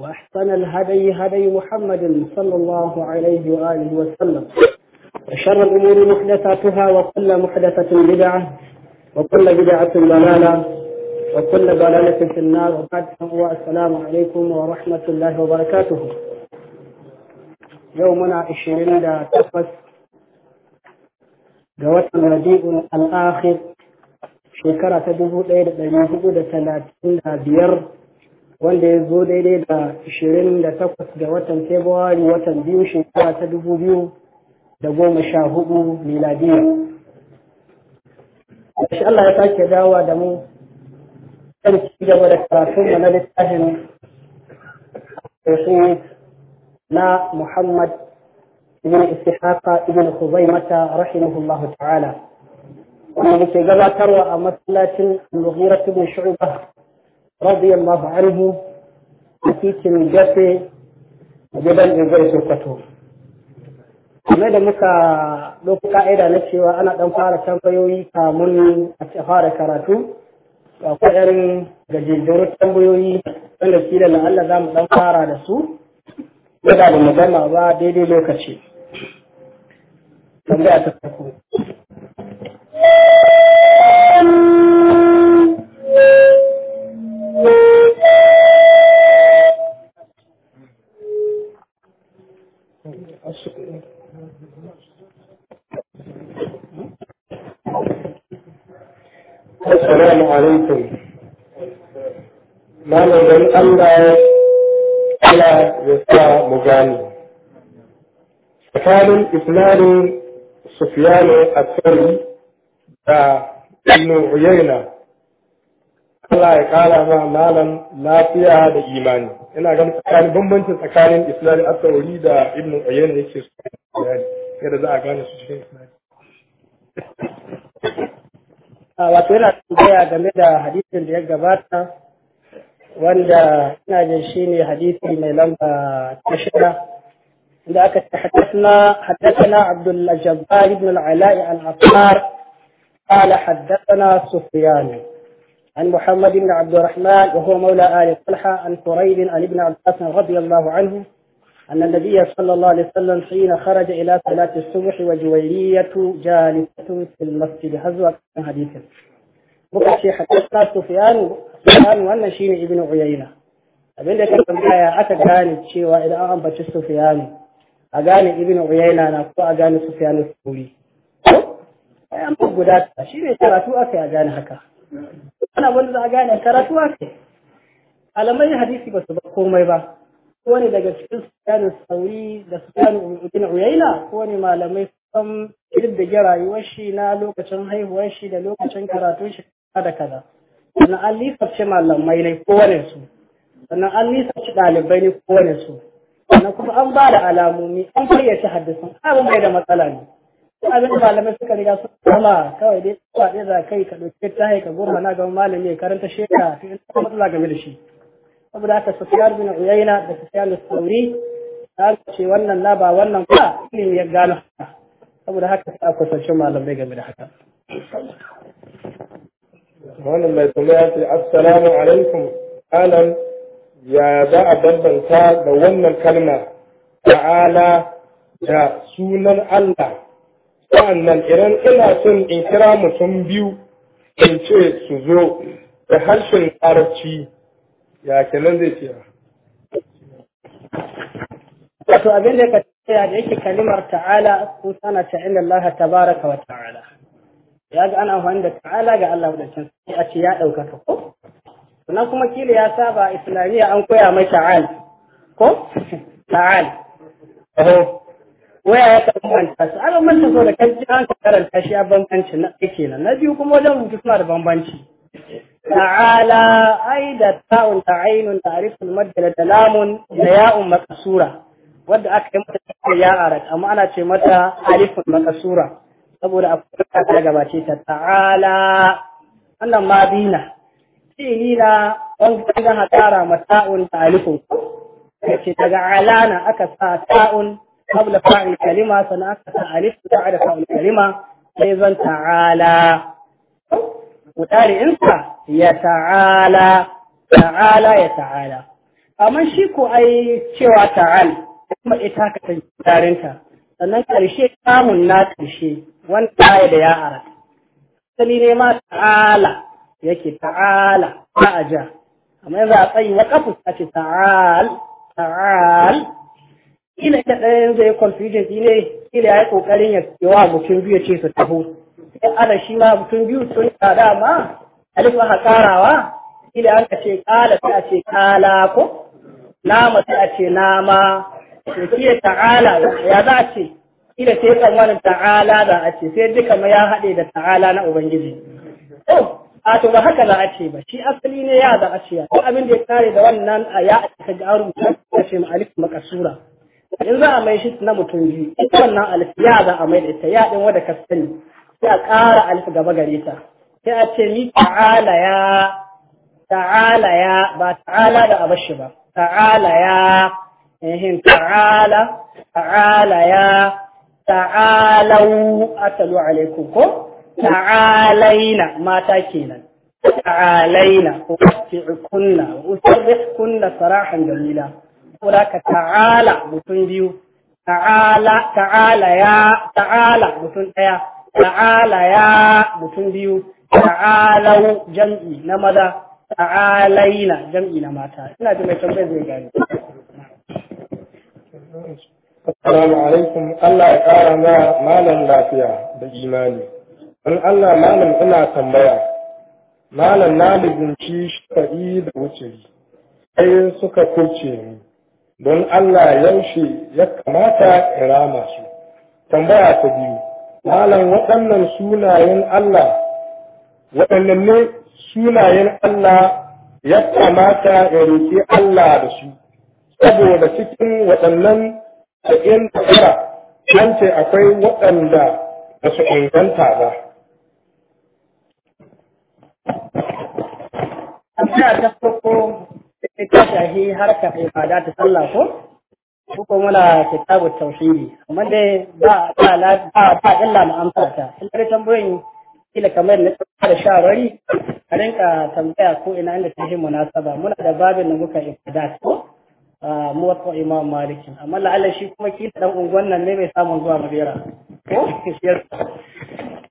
وأحسن الهدي هدي محمد صلى الله عليه وآله وسلم وشر الأمور محدثاتها وكل محدثة بدعة وكل بدعة ضلالة وكل ضلالة في النار وبعد السلام عليكم ورحمة الله وبركاته يومنا عشرين لا تقص جواتنا الرديء الآخر شكرا تدهو ليلة بين هدو دا ثلاثين بير wanda ya zo daidai da 28 ga watan Februari watan biyu shekara ta 2014 miladiya. Shi Allah ya sake dawa da mu kan ci gaba da karatun mu na littafin na Muhammad ibn Ishaqa ibn Khuzaimata rahimahullahu ta'ala. Wanda muke gabatarwa a masallacin Mughiratu bin Shu'bah رضي الله عنه أتيت من جسي جبل إنجل سوكتو game da muka ɗauki ka'ida na cewa ana ɗan fara tambayoyi kamun a fara karatu akwai yan gajejjerun tambayoyi wanda kila Allah za mu ɗan fara da su yana da magana ba daidai lokaci tambaya ta farko assalamu alaikum malam dan Allah Allah ya sa mu gani tsakanin isnadin sufiyanu asari da ibn uyayna Allah ya kara ma malam lafiya da imani ina ganin tsakanin bambancin tsakanin isnadin asari da ibn uyayna yake su yadda za a gane su cikin isnadin wato yana tambaya game da hadisin da ya gabata wanda ina jin shi ne hadisi mai lamba ta shida inda aka ce haddasana abdullah jabbar ibn al-ala'i al-asfar قال حدثنا سفيان عن محمد بن عبد الرحمن وهو مولى آل طلحة عن قريب عن ابن عباس رضي الله عنه أن النبي صلى الله عليه وسلم حين خرج إلى صلاة الصبح وجويرية جالسة في المسجد هزوة حديثا بقشي حقيقة سفيان سفيان وأن شين ابن عيينة أبين لك أن يا أتا قاني تشي وإذا أعم بشي سفيان أقاني ابن عيينة أنا أقوى أقاني سفيان السوري أي أنا أمو قدات شين يتراتو أكي أقاني هكا أنا أقول لك أقاني يتراتو أكي على ما يحديثي بس بقوم يبقى ko ne daga cikin sufyan sauri da sufyan ibn uyayna ko ne malamai sun kirdige rayuwar shi na lokacin haihuwar shi da lokacin karatun shi da kaza sannan an lisafce malamai ne kowane su sannan an lisafce ɗalibai ne kowane su sannan kuma an ba da alamomi an fayyace haddisan abin bai da matsala ne abin da malamai suka riga sun kama kawai dai tsawa ɗaya za kai ka ɗauki ta haika gurma na gama malami ya karanta shekara to in matsala game da shi saboda haka Sufyan bin Uyayna da Sufyan al-Thawri ta ce wannan na ba wannan ba ne ya gano saboda haka ta kusanci malamai game da haka wannan mai ya ce assalamu alaikum alam ya za a bambanta da wannan kalma ta'ala da sunan Allah sa'annan idan ina son in kira mutum biyu in ce su zo da harshen larabci ya kenan zai ce wato abin da ka tsaya da yake kalimar ta'ala sun sana ta inda Allah tabaraka wa ta'ala ya ga ana amfani da ta'ala ga Allah da can sai a ce ya ɗaukaka ko sannan kuma kila ya saba islamiyya an koya mai ta'al ko ta'al oho waya ya manta su an manta so da kan an karanta shi a bambanci na kenan na biyu kuma wajen rubutu suna da bambanci تعالى ai دا تاء دا عين تعرف المد دا لام مكسورة wadda aka yi mata ya arat amma ana ce mata alifun makasura saboda afirka ta gabace ta ta'ala wannan ma bina fi'ili na bangaren hatara ma ta'un alifun ya ce daga alana aka sa ta'un qabla kalima sannan aka sa kalima sai zan ta'ala insa ya ta'ala ta'ala ya ta'ala amma shi ko ai cewa ta'al kuma ita ka san tarinta sannan karshe kamun na karshe wanda ya da ya ara asali ne ma ta'ala yake ta'ala ba a ja amma yanzu a tsayi wa kafu ta ce ta'al ta'al ila ita ɗaya yanzu ya confusion ne ila ya yi ƙoƙarin ya wa mutum biyu ce su taho in ana shi ma mutum biyu sun yi tsada ma, alif aka karawa ila an ce kala sai a ce kala ko nama sai a ce nama to shi ta'ala ya za a ce ila sai kan wani ta'ala za a ce sai duka ma ya haɗe da ta'ala na ubangiji to a to ba haka za a ce ba shi asali ne ya za a ce ko abin da ya kare da wannan a ya aka ta arun ta ce alif makasura in za a mai shi na mutum biyu ita wannan alif ya za a mai da ita ya din wanda ka sani sai a ƙara alif gaba gare ta sai a ce ni ta'ala ya ta'ala ya ba ta'ala da abashi ba ta'ala ya ehin ta'ala ta'ala ya ta'alau atalu alaikum ko ta'alaina mata kenan ta'alaina تعالينا وأسعكن وأسرحكن صراحا جميلا ولك تعالى متن بيو تعالى تعالى يا تعالى متن يا ta'ala ya mutum biyu ta'alau jam'i na maza ta'alaina jam'i na mata ina ji mai tambayar zai gani Assalamu alaikum Allah ya ƙara na malam lafiya da imani in Allah malam ina tambaya malam na lizinci faɗi da wuceri sai suka kurce ni don Allah yaushe ya kamata ya rama su tambaya ta biyu malam waɗannan sunayen Allah waɗannan ne sunayen Allah ya kamata ya roƙi Allah da su saboda cikin waɗannan cikin tsara ce akwai waɗanda ba su inganta ba. ana ta farko ta shahi harkar ibada ta sallah ko? Kuko muna kitabu tauhidi amma dai ba ba ba ba illa mu amsa ta in dai tambayoyin kila kamar na da shawarwari a rinka tambaya ko ina inda ta munasaba muna da babin da muka ibada ko mu wasu imam malikin amma la'alla shi kuma kila dan unguwan nan ne bai samu zuwa madera ko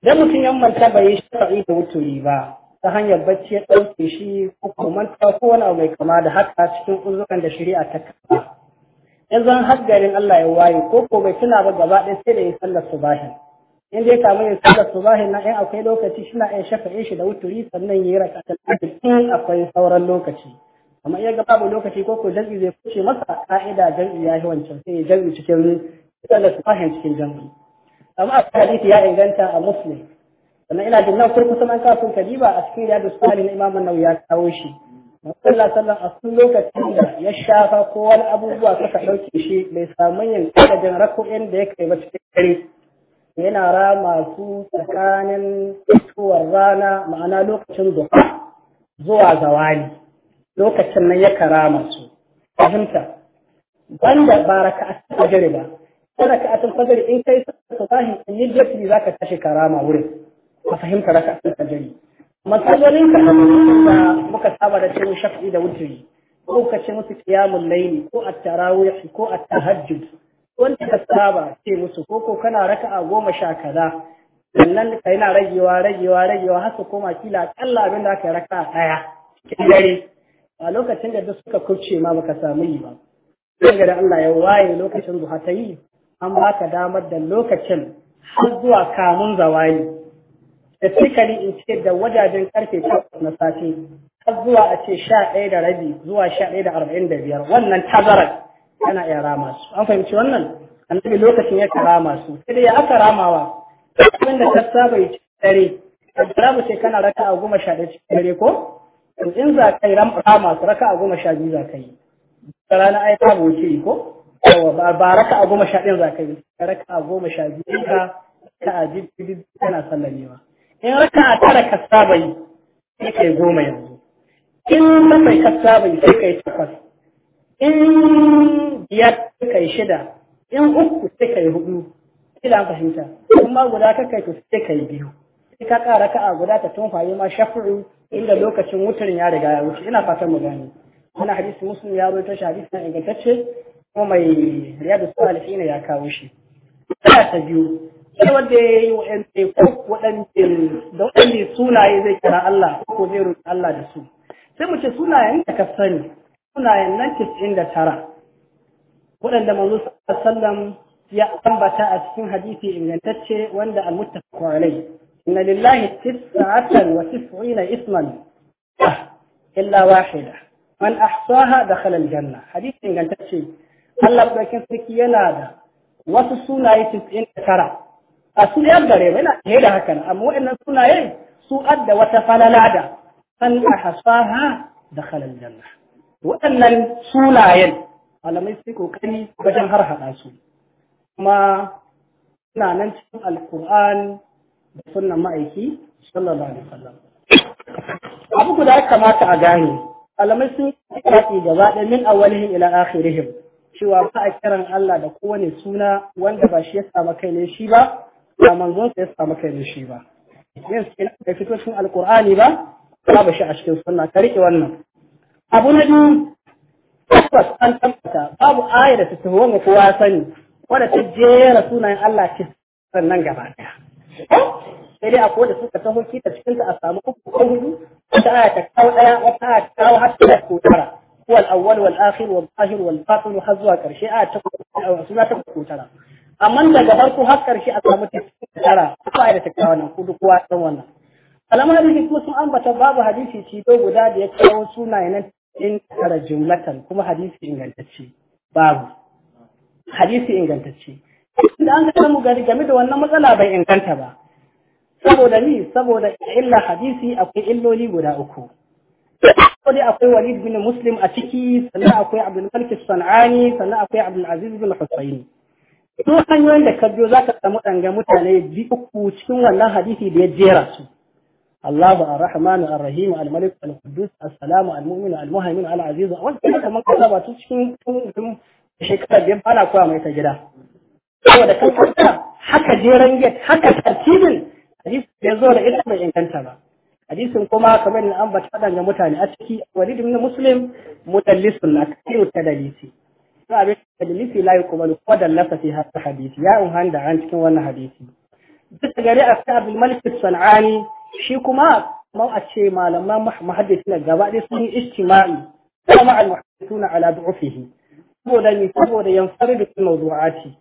dan mutum ya manta bai yi shar'i da wuturi ba ta hanyar bacci ya ɗauke shi ko kuma ko wani abu mai kama da haka cikin uzurkan da shari'a ta kama in zan har garin Allah ya waye ko ko bai tuna ba gaba ɗaya sai da ya sallar subahi in dai kamar ya sallar subahi na in akwai lokaci shi na in shafa'in shi da wuturi sannan ya yi rakatar in akwai sauran lokaci amma iya ga babu lokaci ko ko jami'i zai kuce masa ka'ida jami'i ya yi wancan sai ya jami'i cikin sallar subahi cikin jami'i amma a hadisi ya inganta a muslim sannan ina jin nan kurkusa man kafin kadiba a cikin riyadu sali na imamu nau ya kawo shi Allah sallan a sun lokacin da ya shafa ko wani abubuwa suka ɗauke shi bai samu yin adadin rako'in da ya kai ba cikin dare yana rama su tsakanin fitowar rana ma'ana lokacin duha zuwa zawali lokacin nan ya karama su fahimta banda ba cikin fajr ba ko cikin fajr in kai sa tashi za ka tashi karama wurin ka fahimta cikin fajr matsalolin da muka saba da cewa shafi da wuturi ko ka ce musu kiyamun Laini ko a tarawih ko a tahajjud wanda ka saba ce musu ko ko kana a goma sha kaza sannan yi na ragewa ragewa ragewa har su koma kila kalla abin da aka a daya cikin dare a lokacin da duk suka kurce ma baka samu yi ba sai da Allah ya waye lokacin duha ta yi an baka damar da lokacin har zuwa kamun zawayi specifically in ce da wajajen karfe takwas na safe har zuwa a ce sha ɗaya da rabi zuwa sha ɗaya da arba'in da biyar wannan tazarar yana iya rama su an fahimci wannan annabi lokacin ya rama su sai dai ya aka ramawa abin da ta saba ya ci dare rabu ce kana raka a goma sha ɗaya cikin dare ko to in za ka yi rama su raka a goma sha biyu za ka yi da rana ai ta boke yi ko ba raka a goma sha ɗaya za ka yi raka a goma sha biyu ka ka a jibi kana sallamewa in raka a tara ka saba kai goma yanzu in bakwai ka saba yi sai kai takwas in biyar sai kai shida in uku sai kai hudu kila fahimta kuma guda ka kai to sai kai biyu sai ka ƙara ka'a guda ta tunfaye ma shafi'u inda lokacin wutar ya riga ya wuce ina fatan mu gani ana hadisi muslim ya bai shi hadisi na ingantacce kuma mai riyadu salihin ya kawo shi ta biyu sai wanda ya yi wa'yanda ko waɗanda da waɗanda sunaye zai kira Allah ko zai roƙi Allah da su sai mu ce sunayen da ka sani sunayen nan cikin da tara waɗanda manzo sallam ya ambata a cikin hadisi ingantacce wanda al-muttafaq alai inna lillahi tis'atan wa tis'ina isman illa wahida man ahsaha dakhala al-janna hadisi ingantacce Allah bakin sarki yana da wasu sunaye 99 a su yan gare yana ne da hakan amma waɗannan sunaye su adda wata falala da san hasaha da khalal janna waɗannan sunayen malamai sai kokari wajen har haɗa su kuma suna nan cikin alquran da sunan ma'aiki sallallahu alaihi wasallam abu guda ya kamata a gane malamai sun yi gaba ɗaya min awalihim ila akhirihim cewa ba a kiran Allah da kowane suna wanda ba shi ya samu kai ne shi ba ba manzon sa ya samu kai da shi ba yin ina da fito cikin alkur'ani ba babu shi a cikin sunna ka rike wannan abu na biyu tabbas an tabbata babu aya da ta tafi kowa sani wadda ta jera sunayen Allah ki sannan gaba daya sai dai akwai da suka taho kita cikin ta a samu uku ko hudu wata aya ta kawo daya wata aya ta kawo har ta ko tara huwa al-awwal wal akhir wal zahir wal batin har zuwa karshe aya ta ko suna ta ko tara amma daga farko har karshe a samu tara ko ai da ta kawo nan ko duk kowa san wannan alamun hadisi kuma sun ambata babu hadisi ci dai guda da ya kawo sunaye nan in tara jumlatan kuma hadisi ingantacce babu hadisi ingantacce inda an samu gari game da wannan matsala bai inganta ba saboda ni saboda illa hadisi akwai illoli guda uku dai akwai Walid bin Muslim a ciki sannan akwai Abdul Malik Sanani sannan akwai Abdul Aziz bin husaini duk hanyoyin da ka biyo za ka samu ɗanga mutane bi uku cikin wannan hadisi da ya jera su Allahu ar-Rahmanu ar-Rahim al-Malik al-Quddus as-Salamu al-Mu'min al-Muhaymin al-Aziz wannan kuma kamar kaza ba su cikin shekara biyar na koya mai ta gida saboda kan kanta haka jeran get haka tartibin hadisi da zo da ita bai inganta ba hadisin kuma kamar na an bata ɗanga mutane a ciki walid ibn muslim mudallisun na kai mutadalisi to abin tadlisi la yuqbalu qad lafa fi hadha hadisi. ya uhan da an cikin wannan hadisi duk gari a sa abdul malik sanani shi kuma mau a ce malaman muhaddisina gaba ɗaya sun yi ijtima'i kuma al muhaddisuna ala du'ufihi saboda ni saboda yansaridu fil mawdu'ati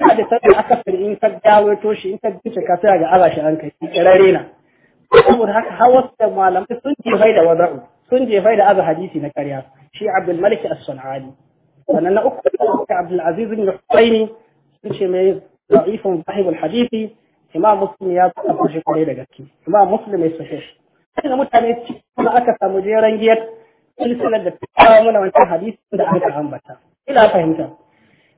ba da sanin aka fi in ka dawo to shi in ka bice ka tsaya ga abashi an kai kirare na saboda haka hawas da malamai sun jefai da wada'u sun jefai da aza hadisi na karya shi abdul malik as-sunani sannan na uku da Abdulaziz bin Husaini sun ce mai da'ifun sahibul hadisi imam muslim ya tsaba shi kwarai da gaske imam muslim mai sahih sai ga mutane kuma aka samu jeran giyar silsilar da ta kawo mana wancan hadisin da ka ambata Ila fahimta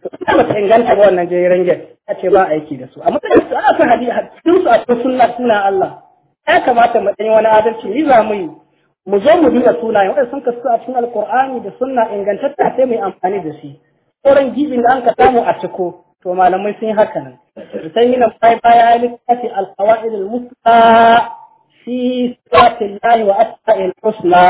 to ita ba inganta ba wannan jeran giyar ta ce ba aiki da su amma da su ana son hadisi cikin su akwai sunna suna Allah ya kamata mu dan wani adalci ni zamu yi mu zo mu duba sunayen waɗanda sun kasu a cikin alkur'ani da suna ingantatta sai mai amfani da shi sauran gibin da an ka samu a ciko to malamai sun yi haka nan sai yi na bai baya ya littafi alqawaid musta fi sifatillahi wa husna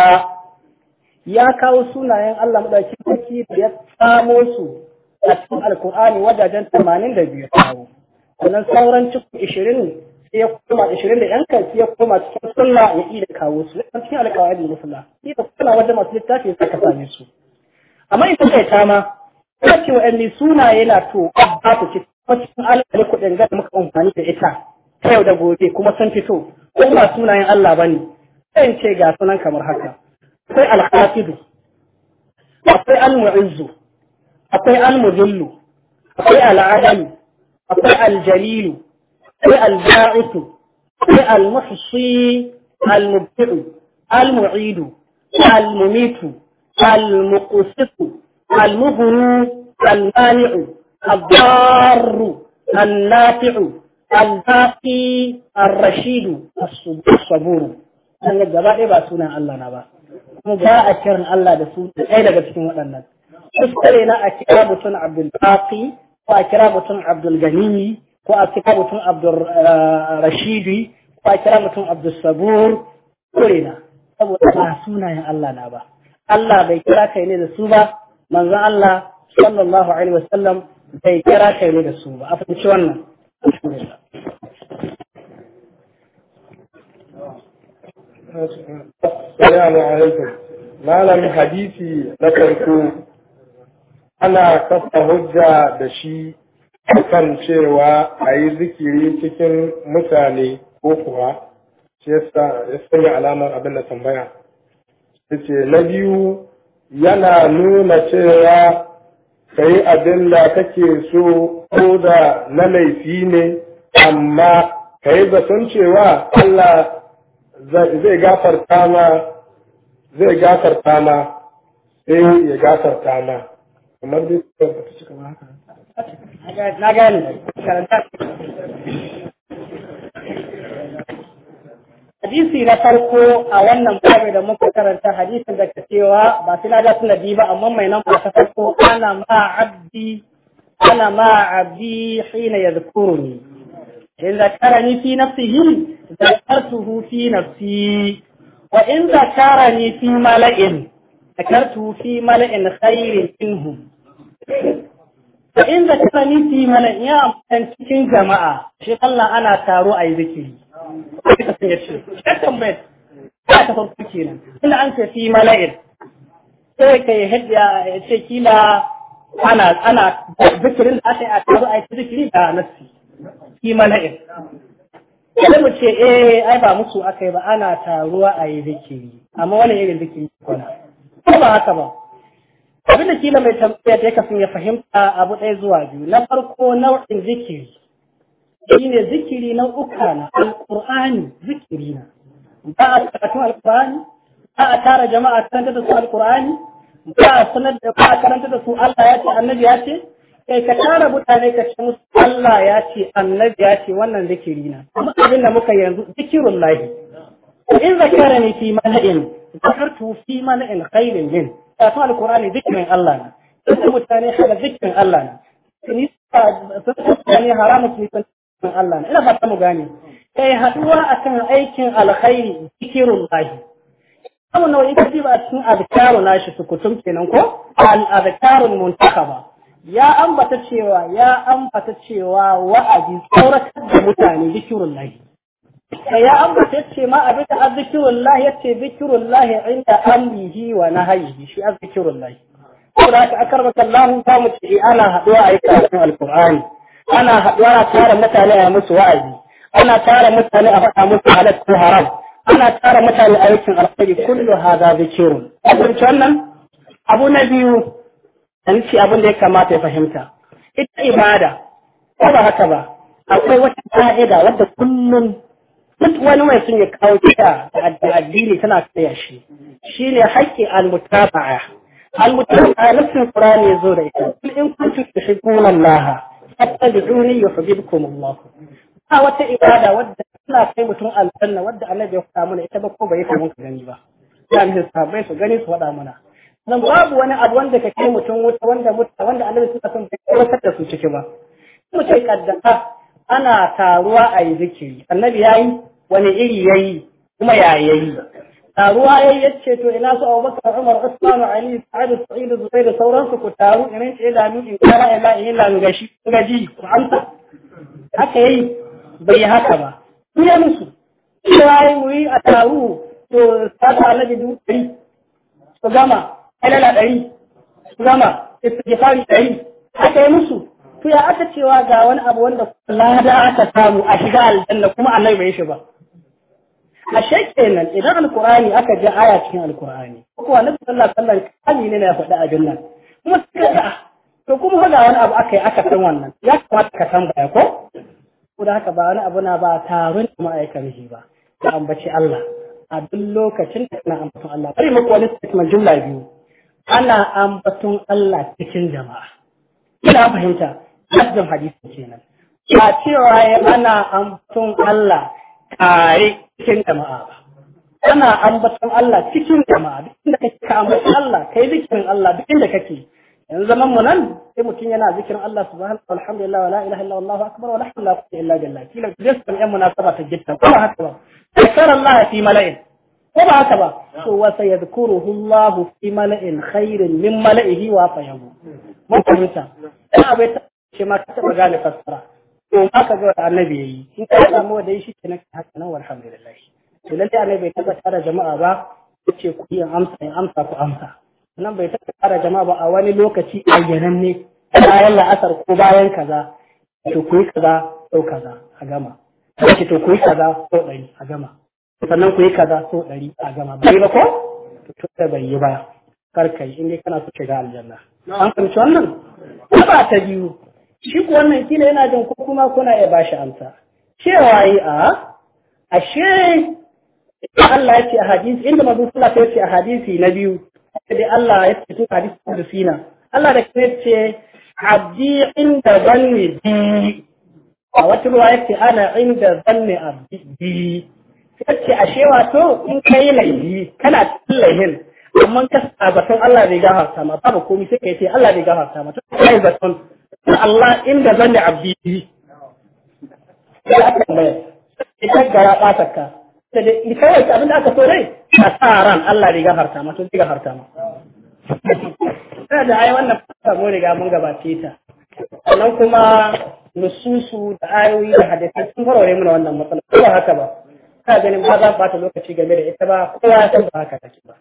ya kawo sunayen Allah madaukakin sarki da ya samo su a cikin alkur'ani wajajen 82 sannan sauran cikin 20 sai ya koma ishirin da yanka sai ya koma cikin sallah ya da kawo su dan cikin alƙawari na sallah sai ka kula wajen masu littafi ya saka same su amma in kai ta ma kuma 'yan wa'anni suna yana to ba su ci cikin alƙalin kuɗin ga muka amfani da ita ta yau da gobe kuma sun fito ko ba sunayen Allah ba ne sai ce ga sunan kamar haka akwai alhasidu akwai almu'izzu akwai almuzillu akwai al'adalu akwai aljalilu الباعث المحصي المبتع المعيد المميت المقسط المبر المانع الضار النافع الباقي الرشيد الصبور أنا الجباء إبا إيه سنة الله نبا مجاء كرن الله دسون أين قسم وأن استرينا أكرابة عبد الباقي وأكرابة عبد الغني ko a kira mutum abdur rashidi ko a kira mutum abdur sabur kurena saboda ba sunayen Allah na ba Allah bai kira kai ne da su ba manzon Allah sallallahu alaihi wasallam bai kira kai ne da su ba a fahimci wannan Assalamu alaikum. Malam hadisi na farko ana kafa hujja da shi kan cewa a yi zikiri cikin mutane ko kuwa ya sanya alamar abin da tambaya ce na biyu yana nuna cewa ka yi abin da kake so ko da na laifi ne amma ka yi zaton cewa Allah zai gafarta ma zai gafarta ma sai ya gafarta ma kamar dai ta cika haka na karanta hadisi na farko a wannan babu da muka karanta hadisi da cewa ba su na da na ba amma mai nan ba ta farko ana ma abdi ana ma abdi hina ne in ni fi nafsihi hu fi nafsi wa in ni fi mala'in hu fi mala'in khairin hu fa in zakarani fi mana ya amfani cikin jama'a shi Allah ana taro a yi zikiri kika sun yace shakkan bai ta ta farko kenan inda an ce fi mala'in sai kai ya ce kila ana ana zikirin da aka yi a taro a yi zikiri da nasi fi mala'in sai mu ce eh ai ba musu akai ba ana taruwa a yi zikiri amma wani irin zikiri kwana ko ba haka ba abin da kila mai tambaya da ya kafin ya fahimta abu ɗaya zuwa biyu na farko nau'in zikiri shi ne zikiri na uka na alƙur'ani zikiri na ba a karatun alƙur'ani ba a tara jama'a karanta da su alƙur'ani ba a sanar da ba a karanta da su Allah ya ce annabi ya ce kai ka tara mutane ka ce musu Allah ya ce annabi ya ce wannan zikiri na kuma abin da muka yanzu zikirun lahi in zakara ne fi mala'in zakartu fi mala'in khairin min karatun alkur'ani zikirin Allah ne sun mutane zikirin haramun su zikirin Allah ne ina fata mu gane kai haduwa akan aikin alkhairi zikirun lahi kuma nawa ba a cikin azkaru shi sukutum kenan ko al azkarun ba ya ambata cewa ya ambata cewa wa'azi tsoratar da mutane bikin lahi ya ambata ce ma a da azzikirullah ya ce zikirullah inda amrihi wa nahyihi shi azzikirullah saboda haka akar makallahu ta mu ce ana haduwa a yi alqur'ani ana haduwa a tara mutane a musu wa'azi ana tara mutane a faɗa musu halal ko haram ana tara mutane a alƙali kullum kullu hadha zikirun abin wannan abu na biyu da nufi abin da ya kamata ya fahimta ita ibada ko ba haka ba akwai wata ka'ida wadda kullum duk wani mai sun ya kawo kira da addini tana tsaya shi shi ne haƙƙi almutaba'a almutaba'a nafsin qur'ani zo da ita in kuntum tuhibbuna allaha fattabi'uni yuhibbukum allah ba wata ibada wadda tana kai mutum aljanna wadda annabi ya faɗa mana ita ba ko bai kai mun gani ba ya mu sahabbai su gani su faɗa mana nan babu wani abu wanda ka kai mutum wuta wanda mutum wanda annabi suka son bai kawatar da su ciki ba mutum kaddafa. ana taruwa a yi zikiri annabi ya yi wani iri ya yi kuma ya yi taruwa ya yi ce to ina su bakar umar usman ali sa'adu sa'idu zufai da sauransu ku taru irin ce da in kara ila in langashi gashi gaji ku amsa haka yi. bai haka ba ya musu ya yi wuri a taru to sata alaji dubu ɗari su gama ɗari su gama istigifari ɗari haka yi musu to ya aka cewa ga wani abu wanda lada aka samu a shiga aljanna kuma Allah bai shi ba a shekenan idan alkur'ani aka ji aya cikin alkur'ani ko wani sallallahu alaihi wasallam kali ne ya faɗi a janna kuma suka ga to kuma ga wani abu aka yi aka san wannan ya kamata ka baya ko ko da haka ba wani abu na ba taron kan shi ba ka ambaci Allah a duk lokacin da kana ambaton Allah bari muku wani statement jumla biyu ana ambaton Allah cikin jama'a ina fahimta lafzin hadisi kenan ba cewa ya ana ambaton Allah tare cikin jama'a ba ana ambaton Allah cikin jama'a duk inda kake Allah kai zikirin Allah duk inda kake yanzu zaman mu nan sai mutum yana zikirin Allah subhanahu walhamdulillah wala ilaha illa Allah akbar hawla quwwata illa billah kila yan munasaba ta gitta ko ba haka ba zakara Allah fi mala'in ko ba haka ba to wa sayadhkuruhu Allah fi mala'in khairin min mala'ihi wa fayahu mun fahimta shi ma ka taɓa gane fassara to ma ka ga annabi yayi in ka samu da shi kenan ka haka nan alhamdulillah to lalle annabi bai taɓa tara jama'a ba yace ku yi amsa in amsa ku amsa nan bai taɓa tara jama'a ba a wani lokaci yanan ne bayan la'asar ko bayan kaza to ku yi kaza ko kaza a gama sai to ku yi kaza ko ɗari a gama sannan ku yi kaza ko ɗari a gama bai ba ko to da bai yi ba karkai in dai kana so shiga aljanna an fahimci wannan ba ta biyu shi ku wannan kila yana jin ko kuma kuna iya ba shi amsa cewa yi a ashe Allah ya ce a hadisi inda mazu sallah ta yace a hadisi na biyu da Allah ya ce tun hadisi da sina Allah da kuma ce abdi inda zanni bi a wata ruwa ya ce ana inda zanni abdi bi sai ce ashe wato in kai laifi kana cikin laifin amma ka sabatun Allah bai gafarta ma babu komai sai ka ce Allah bai gafarta ma to kai zaton Allah inda da abdi ya tambaya ita gara ɓata ka ita kawai abin da aka so dai ka sa ran Allah riga harta ma tun riga harta ma ta da ai wannan fata mu riga mun gabace ta sannan kuma nususu da ayoyi da hadisi sun farware muna wannan matsala ko haka ba ta ganin ba za ba ta lokaci game da ita ba kowa ya san ba haka take ba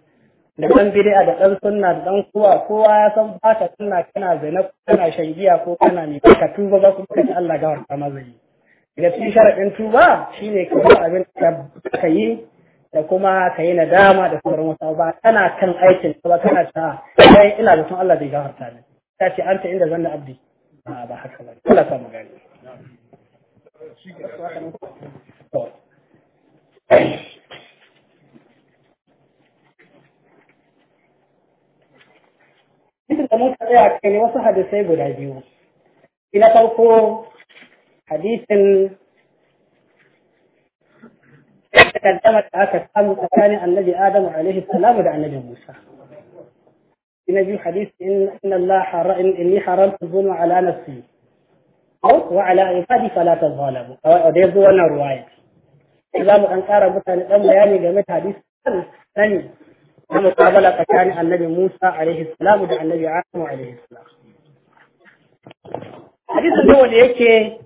da ɗan bid'a da ɗan sunna da ɗan kowa kowa ya san ba ta sunna kana zina kana shangiya ko kana mai ka tuba ba kuma kace Allah gawar ta mazai da cikin sharaɗin tuba shine ka bar abin da ka yi da kuma ka yi nadama da sauran wasu ba kana kan aikin ba kana ta kai ina da son Allah zai gafarta ne ta ce an ta inda zanna abdi ba ba haka ba Allah ta magana Thank you. hadisin da muka tsaya kai ne wasu hadisai guda biyu ina farko hadisin takaddama da aka samu tsakanin annabi adamu alaihi salamu da annabi musa ina biyu hadisi inna allah haram inni haramtu zulma ala nafsi wa ala ibadi fala tazalamu da yazo wannan ruwaya za mu dan kara mutane dan bayani game da hadisin sani ومقابلة كان النبي موسى عليه السلام ودا النبي عاصم عليه السلام حديث الأول يكي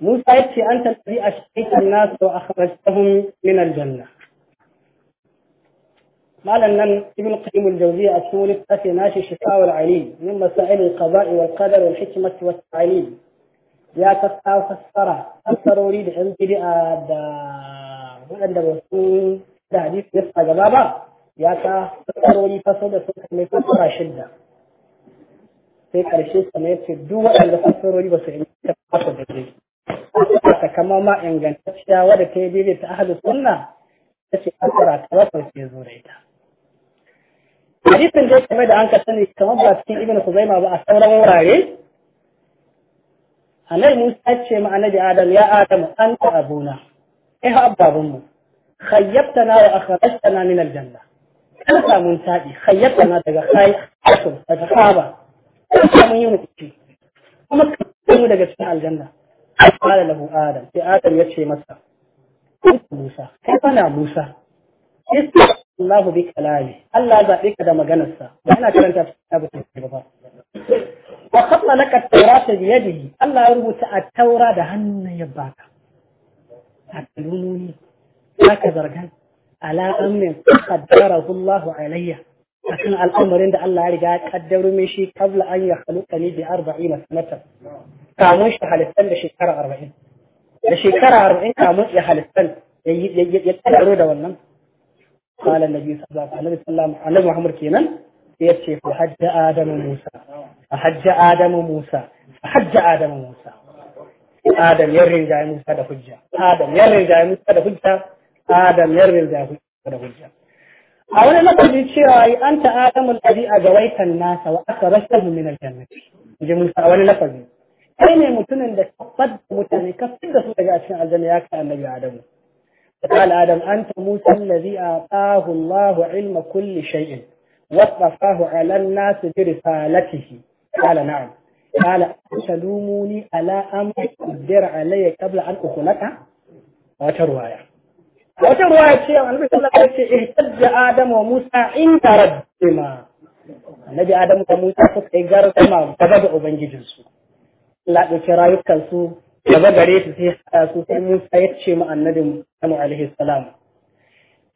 موسى يكي أنت الذي أشقيت الناس وأخرجتهم من الجنة مالا نن ابن القيم الجوزية أسول في ناشي شفاء العليل من مسائل القضاء والقدر والحكمة والتعليم يا كفتا وفسرة فسروا لي بحمد بأد وأن وسوم تحديث hadisi ya ya ka fasarori fasar da suka mai fasara shidda sai karshe su ne ce duk waɗanda fasarori ba su inganta ba su daidai ta kama ma ingantacciya wadda ta yi daidai ta ahalu sunna ta ce fasara ta bakwai sai zo da ita hadisin da game da an ka sani kamar ba cikin ibn kuzaima ba a sauran wurare annabi musa ce ma annabi adam ya adam anta abuna eh abbabanmu na, wa na, min aljanna an samu taɗi hayyata na daga hayyatun daga saba an samu yin kuma kan daga cikin aljanna قال له آدم في آدم يتشي مسا موسى كيف أنا موسى يستطيع الله بكلامه ألا ذلك دم جنسا وأنا كنت أبو تنسي وخط لك التوراة بيده ألا يربط التوراة دهن يباك أتلونوني هكذا رجعت على أمن قدره الله علي لكن الأمر عند الله رجاء قدر مشي قبل أن يخلقني بأربعين سنة كامون شهر السنة شكرا أربعين لشكرا أربعين كامون شهر السنة يتلع رودة والنم قال النبي صلى الله عليه وسلم على محمد كينا يتشيف حج آدم وموسى حج آدم وموسى حج آدم وموسى آدم يرين جاي موسى دا آدم يرين جاي موسى دا آدم يروي الجاهلية أولا ما تجي أنت آدم الذي أجويت الناس وأخرجتهم من الجنة جميل أولا لا تجي أين يمتون أن تقصد متاني كفر رسول الله أشياء الجنة يكفى النبي آدم فقال آدم أنت موسى الذي أعطاه الله علم كل شيء وصفاه على الناس برسالته قال نعم قال أتلوموني على أمر قدر علي قبل أن أخلقها وتروايا wata ruwa ce annabi sallallahu alaihi wasallam ya ce ihtajja adamu wa musa inda rabbima annabi adamu da musa suka yi garzama gaba da ubangijinsu Allah ɗauki rayukansu gaba gare su sai haɗa su sai musa ya ce ma annabi adamu alaihi salam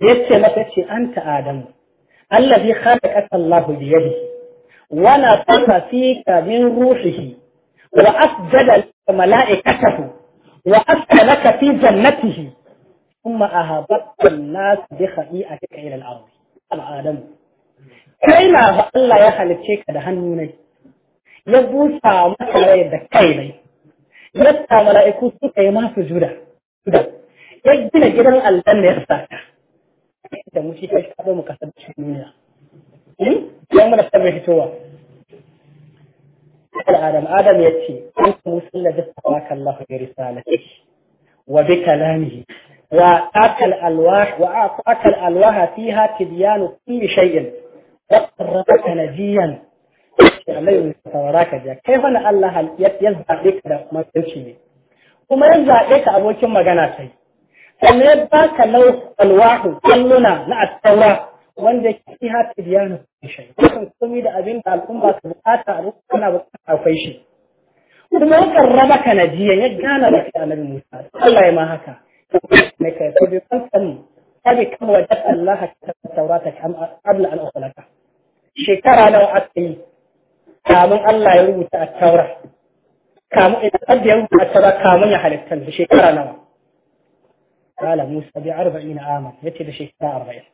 ya ce masa ce anta adamu allazi khalaqaka Allah bi yadihi wa nafaqa fika min ruhihi wa asjada mala'ikatahu wa askalaka fi jannatihi ثم أهبطت الناس بخطيئتك إلى الأرض الآدم كينا فالله يخلق شيك ده هنوني يبوسا مكالي ده كيني يبتا ملائكو سكي ما سجودا سجودا يجدنا جدا الجنة يستاكا كيف تموشي shi kai kado mu يوم cikin duniya قال آدم آدم sabai أنت adam adam yace an musallah وبكلامه وآتى الألواح وآتاك الألواح فيها تبيان كل شيء وقربك نجيا الله يتوراك جاء كيف أن الله يزعى لك ما تلشي وما يزعى لك أبو كم مغانا شيء أن يباك لو الواح كلنا لا أستوى وأن فيها تبيان كل شيء لكن كم إذا أبين تعلقون بك بقاتا أروفنا بقاتا وفيشي وما يقربك نجيا يجانا لك أنا بالمساعد الله يماهكا mai kai ko bi kan kan kabi kan wajen Allah ta taurata kam qabla an ukhlaka shekara nawa aka yi kamun Allah ya rubuta a taura kamun ina abda ya rubuta a taura kamun ya halitta shekara nawa قال موسى بأربعين عاما يتي بشكرة أربعين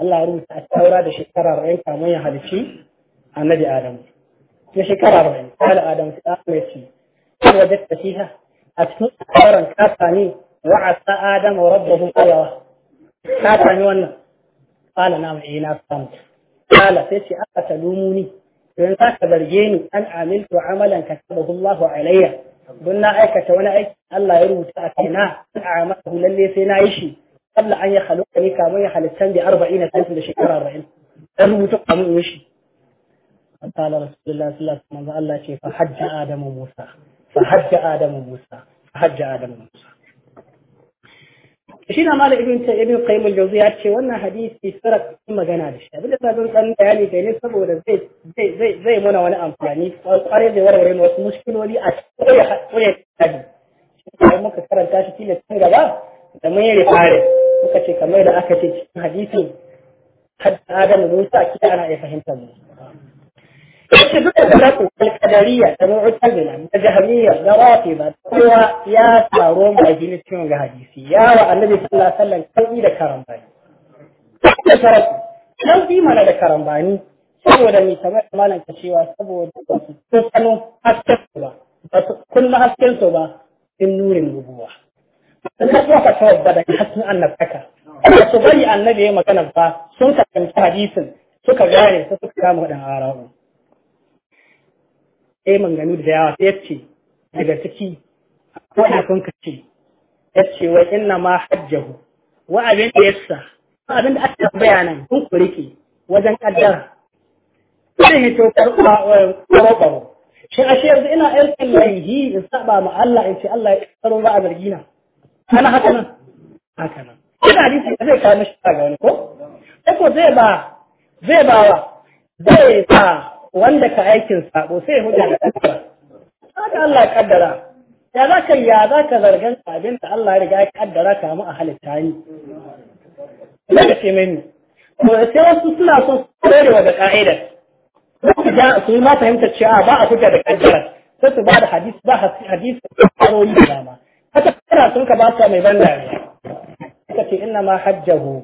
الله روز التوراة بشكرة أربعين كما يهلكي النبي آدم بشكرة أربعين قال آدم آمتي وجدت فيها أتنوت أخبارا كافاني وعصى آدم وربه الأيوة سات عن يونا قال نعم إيه، عينا نعم، الصمت قال فيتي اتلوموني فإن تاك أن عملت عملا كتبه الله علي قلنا اي وانا أيكة الله يروي تأكنا أعمله للي فينا عيشي قبل أن يخلقني كما يخلقتن بأربعين سنة لشكرا رأينا أروي تقام وشي قال رسول الله صلى الله عليه وسلم الله كيف حج آدم وموسى فحج آدم وموسى فحج آدم وموسى shi na malam ibn ta ibn qayyim al-jawzi ya ce wannan hadisi sarar magana da shi abin da sabon kan bayani ga ne saboda zai zai zai mana wani amfani kware zai warware wasu mushkiloli a koya koya kaji sai muka karanta shi kila tun gaba da mun yi fare muka ce kamar da aka ce cikin hadisi hadda adam musa kida ana iya fahimtar mu yake duka faraku alkadariya da mu'tazila da jahmiya da rafida kowa ya taro majalisin ga hadisi ya wa annabi sallallahu alaihi wasallam kai da karambani da faraku dan bi mana da karambani saboda mai kamar malam ka saboda ba su tsano hasken su ba ba su kunna hasken su ba in nurin rubuwa in ka zuwa da hasken annabtaka ba su bari annabi ya maganar ba sun kasance hadisin suka gane su suka kama waɗannan ara'u sai manganu da yawa sai ce daga ciki wanda sun kace ya ce wa inna ma hajjahu wa abin da yassa abin da aka tambaya nan kun kurike wajen kaddara sai ya to karba karba shi ashe yanzu ina aikin laihi in saba ma Allah in ce Allah ya karo ba a zargina ana haka nan haka nan ina hadisi da zai kawo mishi ga wani ko sai ko zai ba zai ba wa zai ba wanda ka aikin sabo sai hujja da kaddara haka Allah ya kaddara ya za ka ya za ka zargan abin da Allah ya riga ya kaddara ka mu a halitta ni ina da ce mini to sai wasu suna son su kore wa da ka'ida su ga su ma fahimta cewa ba a hujja da kaddara sai su ba da hadisi ba hadisi sarori da dama haka kana sun ka ba su mai ban dariya suka ce inna ma hajjahu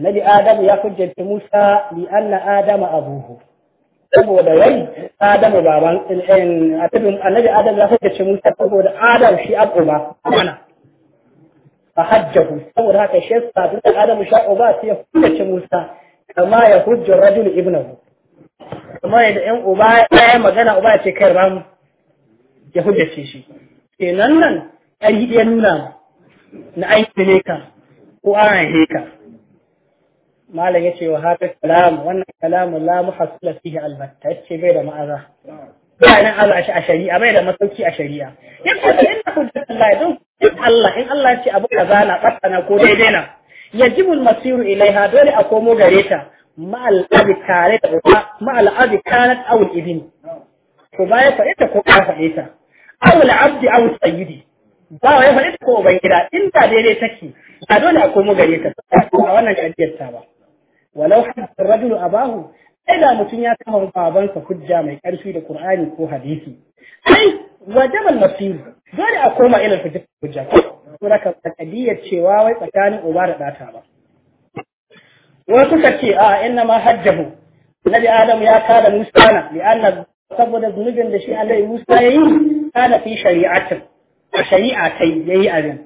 annabi adam ya hujjanta musa li anna adama abuhu saboda wai Adamu baban in atibin annabi Adam ya fake ce Musa saboda Adam shi abu ba amana fa hajjahu saboda haka shi sabin da Adamu sha uba sai ya fake Musa kama ya hujja rajul ibnahu kama yadda ɗan uba ya magana uba ya ce kai ram ya hujjace shi kenan nan ai ɗaya nuna na aiki ne ka ko an ka? malam ya ce wa hada kalam wannan kalamu la muhassila fihi albatta yace bai da ma'aza ba nan aza shi a shari'a bai da masauki a shari'a yace inna hujjatullahi don in Allah in Allah ya ce abu kaza na batsana ko daidai na yajibu almasiru ilaiha dole a komo gare ta ma'al abi tare da uba ma'al abi kanat aw ibn ko baya fa ita ko ka faɗe ta aw al abdi aw sayyidi ba wai faɗe ta ko ubangida inda daidai take a dole a komo gare ta a wannan shari'ar ta ba walau hadda rajulu abahu sai da mutum ya kama babansa hujja mai ƙarfi da Kur'ani ko hadisi ai wajaba al-masir dole a koma ila hujja ko da ka kadiyar cewa wai tsakanin uba da ɗata ba wasu suka a inna ma nabi Adamu ya kada musa na li'anna saboda zunubin da shi Allah Musa yayi kana fi shari'atin a shari'a kai yayi abin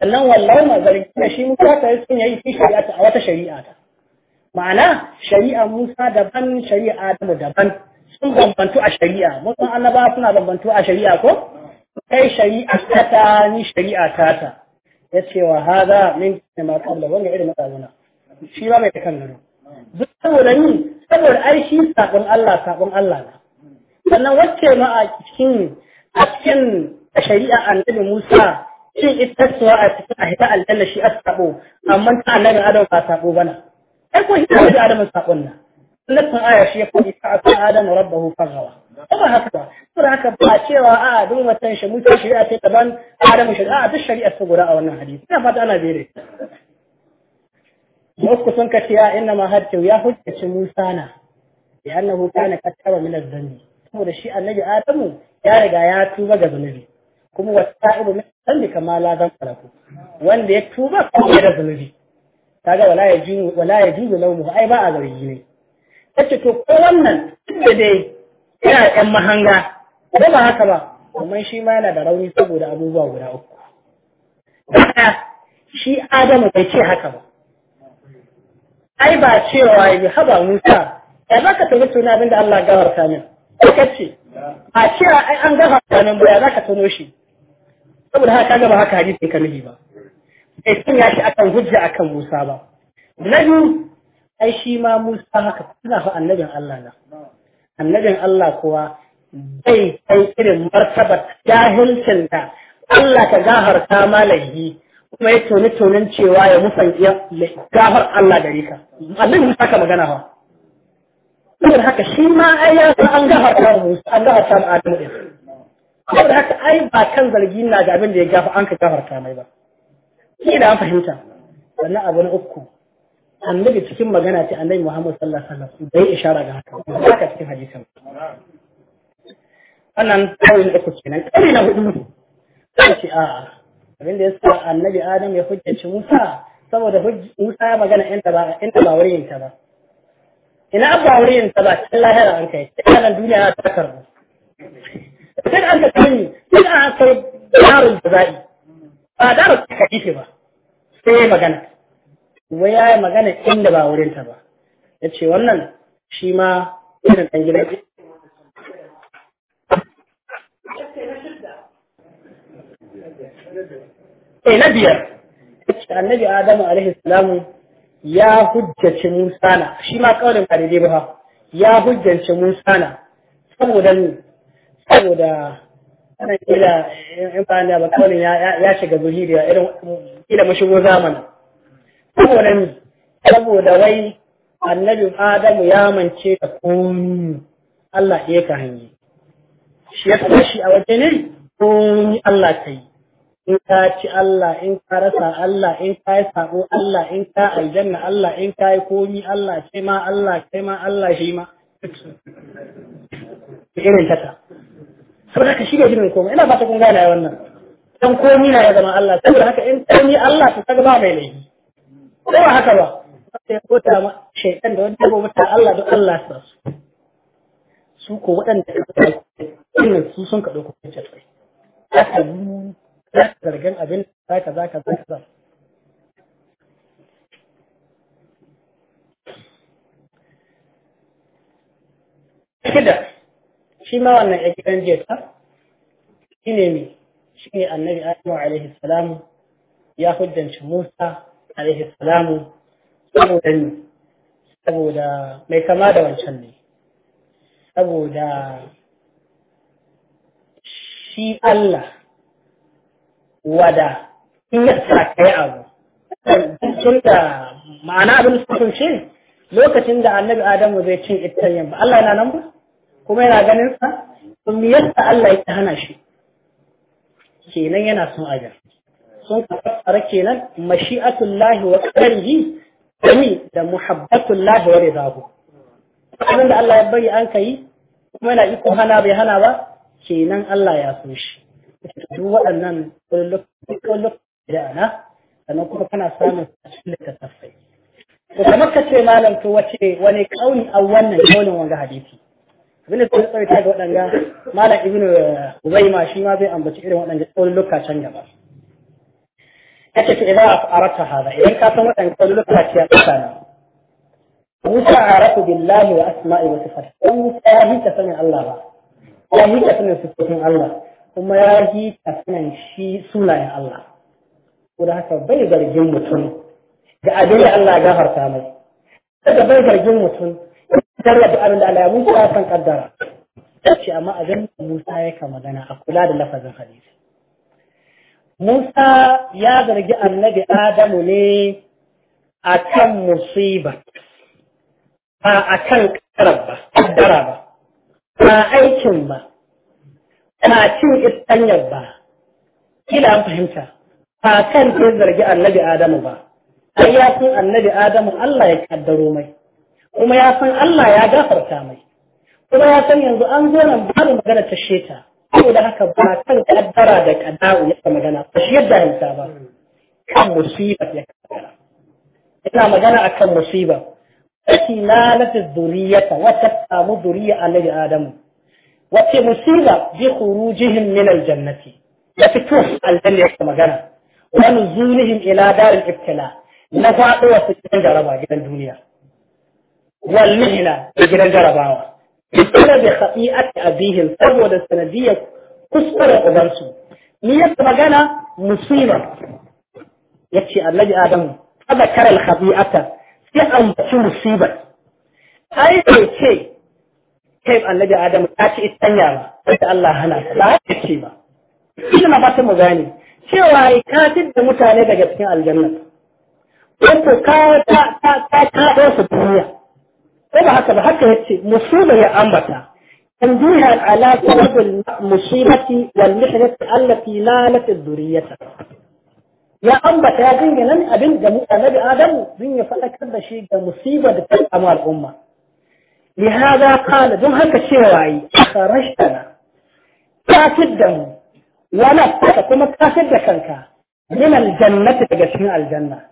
sannan wallahi ma zargi shi Musa ta yi yayi fi shari'ata a wata shari'a ta ma'ana shari'a Musa daban shari'a Adamu daban sun bambantu a shari'a mutum annaba suna bambantu a shari'a ko kai shari'a tata ni shari'a tata ya ce wa haza min ne ma kabla wanda irin matsala shi ba mai kan gado duk saboda ni saboda ai shi sabon Allah sabon Allah na sannan wacce ma a cikin a cikin shari'a annabi Musa shin ita a cikin a hita aljanna shi a sabo amma ta annabi Adam ba sabo bana ai ko hikima da adam sakon nan lafin aya shi ya faɗi fa asa adam rabbahu fagawa ba haka ba kuma haka ba cewa a duk watan shi mutum shari'a ce daban adam shari'a duk shari'a su guda a wannan hadisi ina fata ana bere wasu sun kace ya inna ma hatta ya hujjaci Musa na bi annahu kana kattaba min az-zambi saboda shi annabi Adamu ya riga ya tuba ga zunubi kuma wasa'ibu min zambi kamala zan zamba lahu wanda ya tuba kuma da zunubi kaga wala ya ji wala ya lau laumu ai ba a gari ne kace to ko wannan inda dai yana ɗan mahanga ba ba haka ba amma shi ma yana da rauni saboda abubuwa guda uku shi Adamu bai ce haka ba ai ba cewa ya haba Musa ya ka tafi tuna abinda Allah gawarta min kace a cewa ai an gafarta min ba ya ka tuno shi saboda haka kaga ba haka hadisin ka ba bai sanya shi akan hujja akan Musa ba na biyu ai shi ma Musa haka suna fa annabin Allah na annabin Allah kuwa bai kai irin martabar jahilcin da Allah ka gafarta malahi kuma ya toni tonin cewa ya musan gafar Allah gare ka annabi Musa ka magana fa Kuma haka shi ma ai ya san an gafarta Musa an gafarta Adamu din Kuma haka ai ba kan zargi na ga abin da ya gafa an ka gafarta mai ba shi da an fahimta wannan abu na uku annabi cikin magana ce annabi Muhammad sallallahu alaihi wasallam bai ishara ga haka haka cikin hadisin wannan kawai na uku kenan kawai na hudu sai ce a'a abin da yasa annabi Adam ya hujjaci Musa saboda Musa ya magana inda ba inda ba wurin ta ba ina ba wurin ta ba cikin lahira an kai cikin nan duniya ta karbu sai an ka sani sai an kai da za'i ba da ba ka ishe ba sai ya magana wai ya yi magana inda ba wurinta ba ya ce wannan shi ma irin ɗan gidan Eh na biyar annabi Adamu alaihi salamu ya hujjace Musa na shi ma ƙaunin ba ba ya hujjace Musa na saboda saboda ana kila in fa da bakawalin ya shiga zuhiri a irin kila mu shigo zamani saboda ni saboda wai annabi adamu ya mance da komi Allah ya ka hanye shi ya shi a waje ne komi Allah ka yi in ka ci Allah in ka rasa Allah in ka yi sabo Allah in ka aljanna Allah in ka yi komi Allah ce ma Allah ce ma Allah shi ma irin tata saboda haka shi bai jin komai ina fata kun gane wannan dan komi na ya zama Allah saboda haka in komi Allah ta kaga ba mai laifi ko ba haka ba sai ko ta ma shaytan da wanda ba ta Allah da Allah sa su su ko waɗanda irin su sun ka dauko kacce ka yi ta zargan abin za ka za ka za ka Kida, shi ma wannan ya gidan jeta shi ne mi shi ne annabi adamu alaihi salamu ya hujjanci musa alaihi salamu saboda ni saboda mai kama da wancan ne saboda shi Allah wada in ya sa kai abu tun da ma'ana abin sun lokacin da annabi adamu zai cin italiyan ba Allah yana nan ba kuma yana ganin sa sun me Allah ya hana shi kenan yana son ajar sun kafara kenan mashi'atullahi wa qadarihi dani da muhabbatullahi wa ridahu abin da Allah ya bari an kai kuma yana iko hana bai hana ba kenan Allah ya so shi duk waɗannan kullum da ana sannan kuma kana samun cikin littattafai to kamar ka ce malam to wace wani kauni a wannan kaunin wanga hadisi abinda tsari ta ga waɗanga malam ubai ma shi ma zai ambaci irin waɗanga tsawon can gaba ce ta idan arata hada idan ka san waɗanga tsawon lokaci ya tsana Musa a arafu billahi wa asma'i wa fata dan Musa ya hita sanin Allah ba ya hita sanin sifatin Allah kuma ya hita sanin shi sunayen Allah ko haka bai zargin mutum ga abin da Allah ya gafarta mai daga bai zargin mutum sarrafa abin da Allah ya musa ya san kaddara ce amma a ganin Musa ya ka magana a kula da lafazin hadisi Musa ya zargi annabi Adamu ne a kan musiba ba a kan kaddara ba ba aikin ba ba cin istanyar ba kila an fahimta ba kan ke zargi annabi Adamu ba ai ya san annabi Adamu Allah ya kaddaro mai kuma ya san Allah ya gafarta mai kuma ya san yanzu an zo nan babu magana ta sheta da haka ba kan kaddara da kada'u ya magana ba shi yadda hinta ba kan musiba ya kaddara ina magana akan musiba kashi lalata zuriyata wata samu zuriya annabi adamu wace musiba bi khurujihim min aljannati da fito aljanna ya magana wa nuzulihim ila daril ibtila na faɗo wasu cikin jaraba gidan duniya والمهلة في الجربة بسبب خطيئة أبيهم فجود السندية كسر أبرسو مية مجانا مصيبة يكشي الذي آدم فذكر الخطيئة في أمر مصيبة أي شيء كيف الذي آدم أتى الثانية أنت الله هنا لا تكشيبا إذا ما بس مجاني شو هاي كاتب المتعلقة بكين الجنة وكاتب كاتب كاتب كاتب كاتب كاتب ko ba haka ba haka yace musiba ya ambata tanbihan ala sabab al-musibati wal mihnati allati lalat ad-durriyata ya ambata ya dingina ne abin da annabi adam din ya fadakar da shi ga musiba da ta samu al'umma لهذا قال دون هكا شيء خرجتنا كاسدا ولا كما كاسد كنكا من الجنة تجسمي الجنة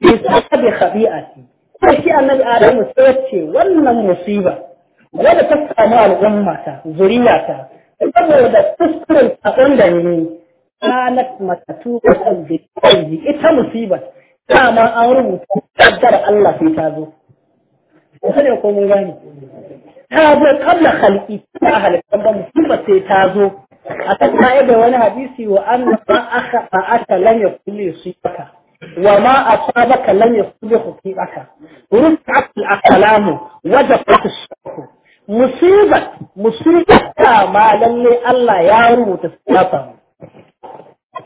bi sababi khabi'ati sai shi annabi adamu sai ya ce wannan musiba wadda ta samu al'ummata zuriyata saboda kuskuren ta da ni kanat matatu bi ita musiba dama an rubuta kaddar Allah sai ta zo sai ko mun gani ta zo kabla khalqi ta halitta ba musiba sai ta zo a kan da wani hadisi wa anna ba aka ba aka lan yakuli sifata وما أصابك لن في أكا رفعت الأقلام وجفت الشرق مصيبة مصيبة ما لن الله يارو تسلطا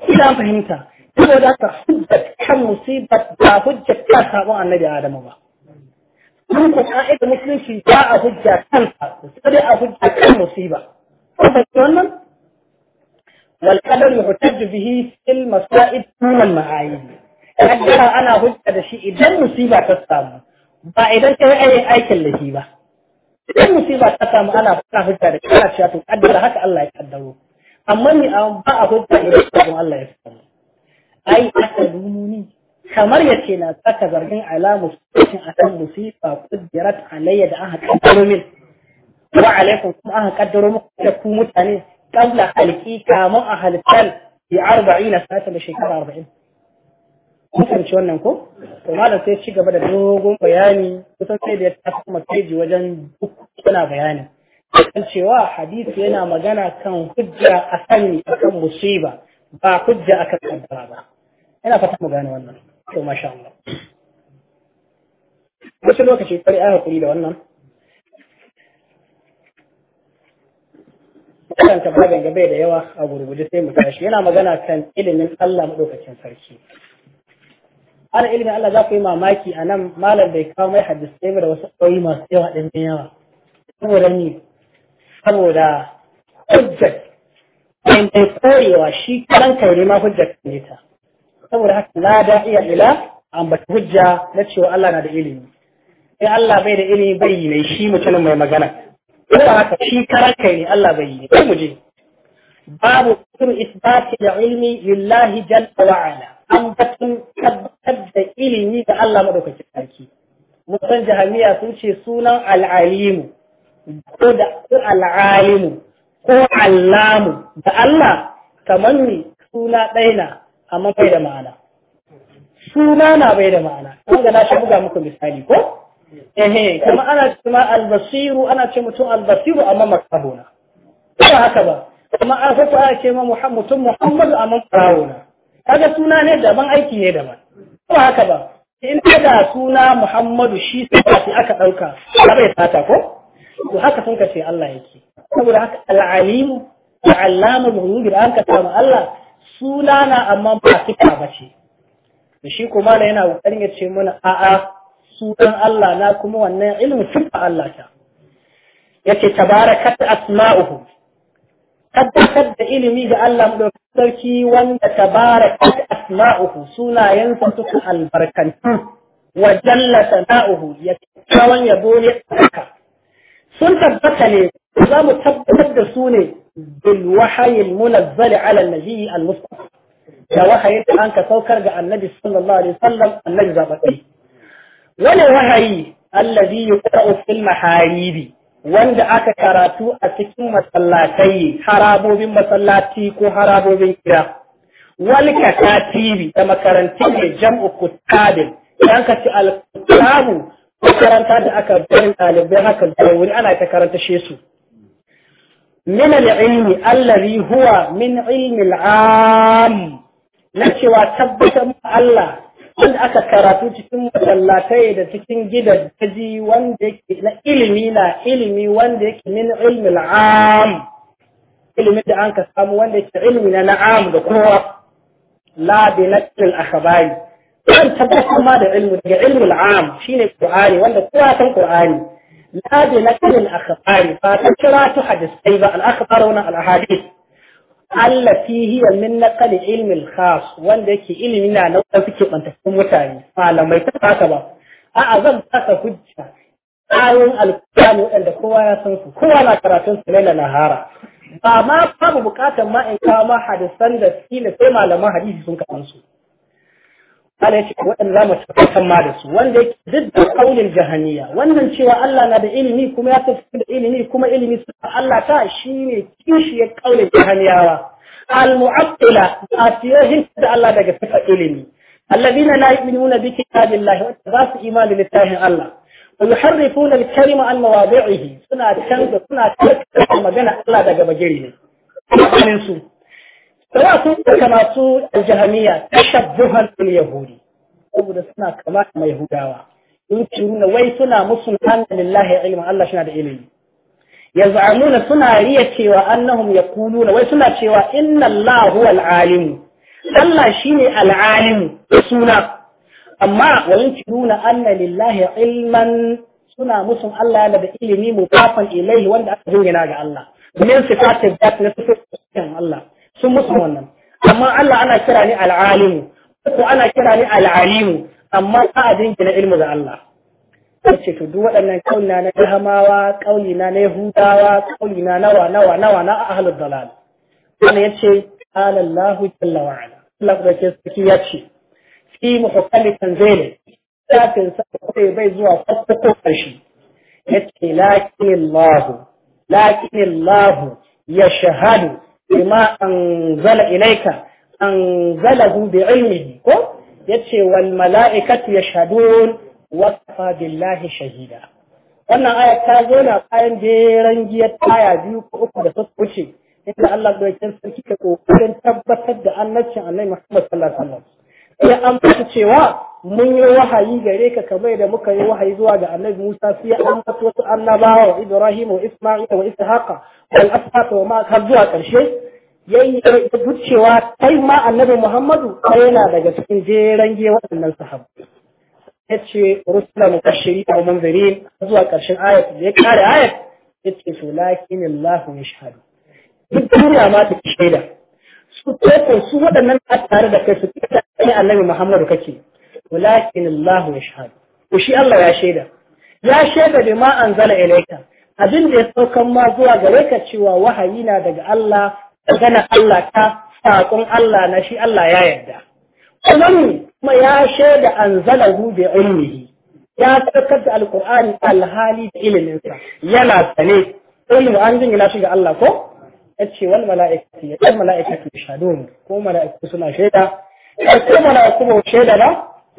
إلا فهمتا إلا ذاك حجة كم مصيبة دا حجة كاسا وأن نبي آدم با من قائد مسلم شي جاء حجة كم سبع حجة كم مصيبة والقدر يحتج به في المصائب دون المعايير kaddara ana hujja da shi idan musiba ta samu ba idan kai ai aikin lafi ba idan musiba ta samu ana fara hujja da kana cewa to kaddara haka Allah ya kaddaro amma ni ba a hujja idan sabon Allah ya samu ai asaluni kamar yace na saka zargin alamu cikin akan musiba qaddarat alayya da aka kaddaro min wa alaikum kuma aka kaddaro muku da ku mutane qabla halqi kamun a halqan bi 40 sata da shekara 40 kusurci wannan ko to malam sai ci gaba da dogon bayani kusan sai da ya tafi kuma keji wajen duk yana bayani Kusan cewa hadisi yana magana kan hujja a a akan musiba ba hujja akan kaddara ba Yana fata mu gane wannan to masha Allah wasu lokaci kwari a hakuri da wannan Kusan ta bagan gabe da yawa a gurguje sai mu tashi yana magana kan ilimin Allah madaukakin sarki ala ilmi Allah za ku yi mamaki a nan malam bai kawo mai hadisai ba da wasu ɗauyi masu yawa ɗin yawa saboda ni saboda hujjar mai mai koyewa shi karan kai ne ma hujjar ne ta saboda haka na da iya ila ambata hujja na cewa Allah na da ilimi sai Allah bai da ilimi bai yi ne shi mutumin mai magana saboda haka shi karan kai ne Allah bai yi ne mu je babu kullu isbati da ilmi lillahi jalla wa ala an batun tabbatar da ilimi ga Allah madaukakin sarki musan jahamiya sun ce sunan al'alimu ko da al'alimu ko allamu da Allah kamar ne suna ɗaya na amma bai da ma'ana suna na bai da ma'ana an da na shi buga muku misali ko ehe kuma ana ce ma albasiru ana ce mutum albasiru amma makahona ba haka ba kuma an haka ana ce ma mutum muhammadu amma karawona kaga suna ne daban aiki ne daban ba haka ba in da suna Muhammadu shi sai aka dauka ba bai fata ko to haka sun ce Allah yake saboda haka al-alimu al-allamu da aka samu Allah suna na amma ba sifa ba ce to shi kuma da yana kokarin ya ce mana a'a sunan Allah na kuma wannan ilmin sifa Allah ta yace tabarakat asma'uhu tabbatar da ilimi ga Allah mu sarki wanda tabaraka asma'uhu sunayensa suka albarkanta wa jalla sana'uhu ya ya bole ka sun tabbata ne za mu tabbatar da su ne bil wahayi munazzal ala al nabi al mustafa da wahayi da an ka saukar ga annabi sallallahu alaihi wasallam annabi zabatai wani wahayi alladhi yuqra'u fil maharibi wanda aka karatu a cikin masallatai harabobin masallati ko harabobin gida wal katatibi da makarantun ne jam'u kutabin dan ka ci al kutabu karanta da aka bayin ɗalibai haka da wuri ana ta karanta shesu. su min al ilmi allazi huwa min ilmi al am na cewa tabbatar Allah wanda aka karatu cikin masallatai da cikin gidaji wanda yake na ilimi na ilimi wanda yake min ilmin am ilimin da an ka samu wanda yake ilimi na na'am da kowa la bi nakil akhbari an tabbatar ma da ilmi daga ilmul am shine qur'ani wanda kowa san qur'ani la bi nakil akhbari ba ta kira ta hadisai ba al akhbar wa al ahadith allati hiya min naqal ilmi al-khas wanda yake ilimi na na wasu ke mutane malamai ta saka ba a'a zan saka hujja ayoyin alkurani waɗanda kowa ya san su kowa na karatun su laila nahara ba ma babu bukatar ma in kawo ma hadisan da sai malaman hadisi sun kasan su Allah ya ce waɗanda za mu tabbatar ma da su wanda yake duk da kaulin jahaniya wannan cewa Allah na da ilimi kuma ya tafi da ilimi kuma ilimi su Allah ta shine kishiyar kaulin jahaniyawa al-mu'attila asiyahin da Allah daga sifa ilimi alladhina la yu'minuna bi kitabillahi wa za su imani littafin Allah wa yuharrifuna al-kalima an mawadi'ihi suna canza suna tarkata magana Allah daga bagire ne su za su ɗauka masu aljahamiya tashabbuhan bil yahudi saboda suna kama da mai hudawa in ci nuna wai suna musu anna lillahi Allah shi na da ilimi yaz'amuna suna riya cewa annahum yaquluna wai suna cewa inna Allah huwa Allah shine al-alim suna amma wa in ci nuna anna lillahi ilman suna musu Allah yana da ilimi mutafan ilaihi wanda aka jingina ga Allah min sifatin da na sifofin Allah sun musu wannan amma Allah ana kira ni al'alimu ko ana kira ni al'alimu amma ba a jingina ilimi ga Allah ce to duk waɗannan kauna na Jahamawa kaulina na Yahudawa kaulina nawa nawa nawa na ahlud dalal wannan yace qala Allah jalla wa ala Allah da ke saki yace fi muhakkami tanzili kafin sa sai bai zuwa fakkoko karshe yace lakin Allah lakin Allah ya shahadu bima anzala ilayka anzalahu bi ilmihi ko yace wal ya yashhadun wa shahida wannan aya ta zo na bayan jeran giyar taya biyu ko uku da suka wuce inda Allah da sarki ka kokarin tabbatar da annabcin Annabi Muhammad sallallahu alaihi wasallam sai an fata cewa mun yi wahayi gare ka kamar da muka yi wahayi zuwa ga Annabi Musa sai an fata wasu annabawa Ibrahim wa Isma'il wa Ishaqa dan asfata ma har zuwa ƙarshe yayi cewa kai ma annabi Muhammadu kai yana daga cikin jeran ge waɗannan sahabbai yace rusula mubashiri wa munzirin zuwa ƙarshen ayat da ya kare ayat yace su lakin Allah yashhadu duk duniya ma ta shaida su ko su waɗannan a tare da kai su kai annabi Muhammadu kake walakin Allah yashhadu ko shi Allah ya shaida ya shaida bima anzala ilayka abin da ya saukan ma zuwa gare ka cewa wahayi na daga Allah magana Allah ta saƙon Allah na shi Allah ya yarda kuma kuma ya shaida anzalahu bi ilmihi ya saukar da alqur'ani alhali da ilimin sa yana sane ilmi an jin shi ga Allah ko ce wal mala'ikati ya wal mala'ikatu shadun ko mala'iku suna shaida ko mala'iku ba shaida ba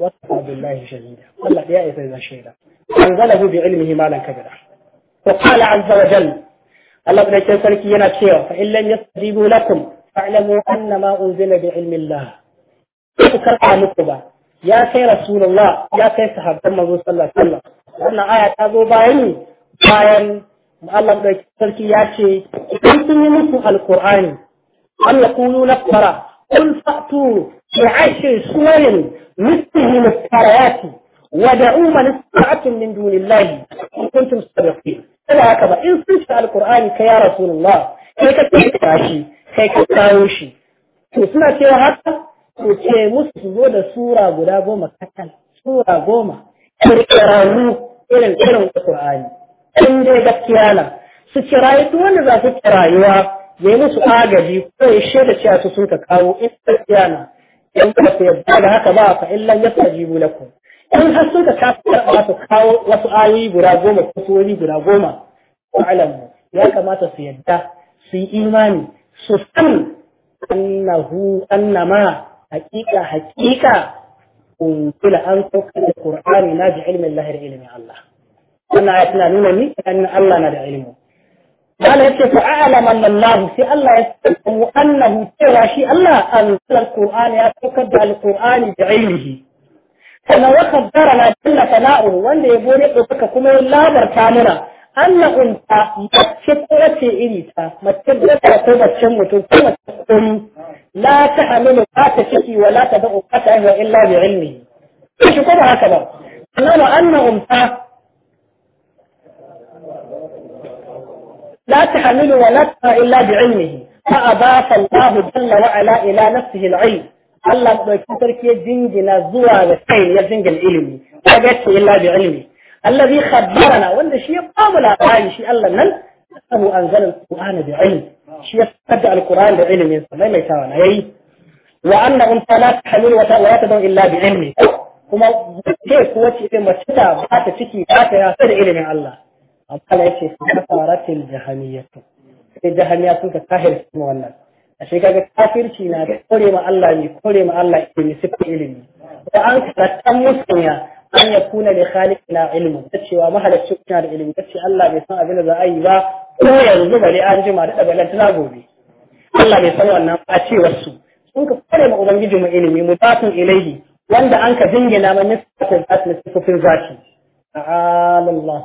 wa billahi shahida Allah ya isa shaida anzalahu bi ilmihi malan kabira وقال عز وجل الله بن الشيطان كي ينكيه فإن لم يستجيبوا لكم فاعلموا أن ما أنزل بعلم الله فكرة نقبة يا سي رسول الله يا سي صحاب صلى الله عليه وسلم لأن آية أبو باين باين الله بن الشيطان كي ياتي كنتم ينكوا القرآن أن يقولوا نقبرة قل فأتوا بعشر سور مثله مفتريات ودعوا من استطعتم من دون الله إن كنتم صادقين da haka ba in sun shiga alkur'ani ka ya rasulullah kai ka tsaya shi kai ka kawo shi to suna cewa haka to ce musu su zo da sura guda goma katal sura goma kirkirarru irin irin alkur'ani in dai gaskiya na su kirayi duk wanda za su kirayuwa ya yi musu agaji ko ya shaida cewa su sun ka kawo in gaskiya na in ba yadda da haka ba fa illan yastajibu lakum in har suka kafa su kawo wasu ayoyi guda goma ko wani guda goma ko alamu ya kamata su yadda su yi imani su san annahu annama hakika haƙiƙa unkula an saukar da qur'ani na bi ilmin lahir ilmin Allah wannan ayat na nuna ni annan Allah na da ilmi قال يكتب أعلم أن الله في الله kur'ani أنه ترى شيء الله أنزل القرآن يتكبر القرآن بعلمه sannan wa kaddara na jalla sana'u wanda ya bore ɗaukaka kuma ya labarta mana Allah unta mace ko ce iri ta mace da ta ko mace mutum ko mace kuri la ta hamilu ba ta ciki wa la ta da'u ba ta aiwa illa bi ilmi shi ko ba haka ba sannan wa anna unta la ta hamilu wa la ta illa bi ilmihi fa abafa Allah jalla wa ala ila nafsihi al-ilm Allah ɗauki sarki ya jingina zuwa ga kai ya jingina ilimi ya gace illa bi ilimi allazi khabbarana wanda shi ya bamu labari shi Allah nan annahu anzala alqur'ana bi ilm shi ya sadda alqur'an da ilimin sa mai mai tawa na yayi wa annahum la tahmilu wa la tadun illa bi ilmi kuma ke ko wace ce mace ta ba ta ciki ba ta yasa da ilimin Allah amma Allah yake fa faratil jahaniyatu sai jahaniya sun ka kahir wannan ashe kaga kafirci na da kore ma Allah ne kore ma Allah ilimi sifar ilimi da an karatan musulmiya an ya kuna da khaliqina ilmi ta cewa mahalarci kuna da ilimi ta ce Allah bai san abin da za a yi ba ko yanzu bare an jima da daga lantana gobe Allah bai san wannan a cewar su sun ka kore ma ubangiji mu ilimi mutatun ilaihi wanda an ka dingina ma nisbatun na sifofin zati ta'ala Allah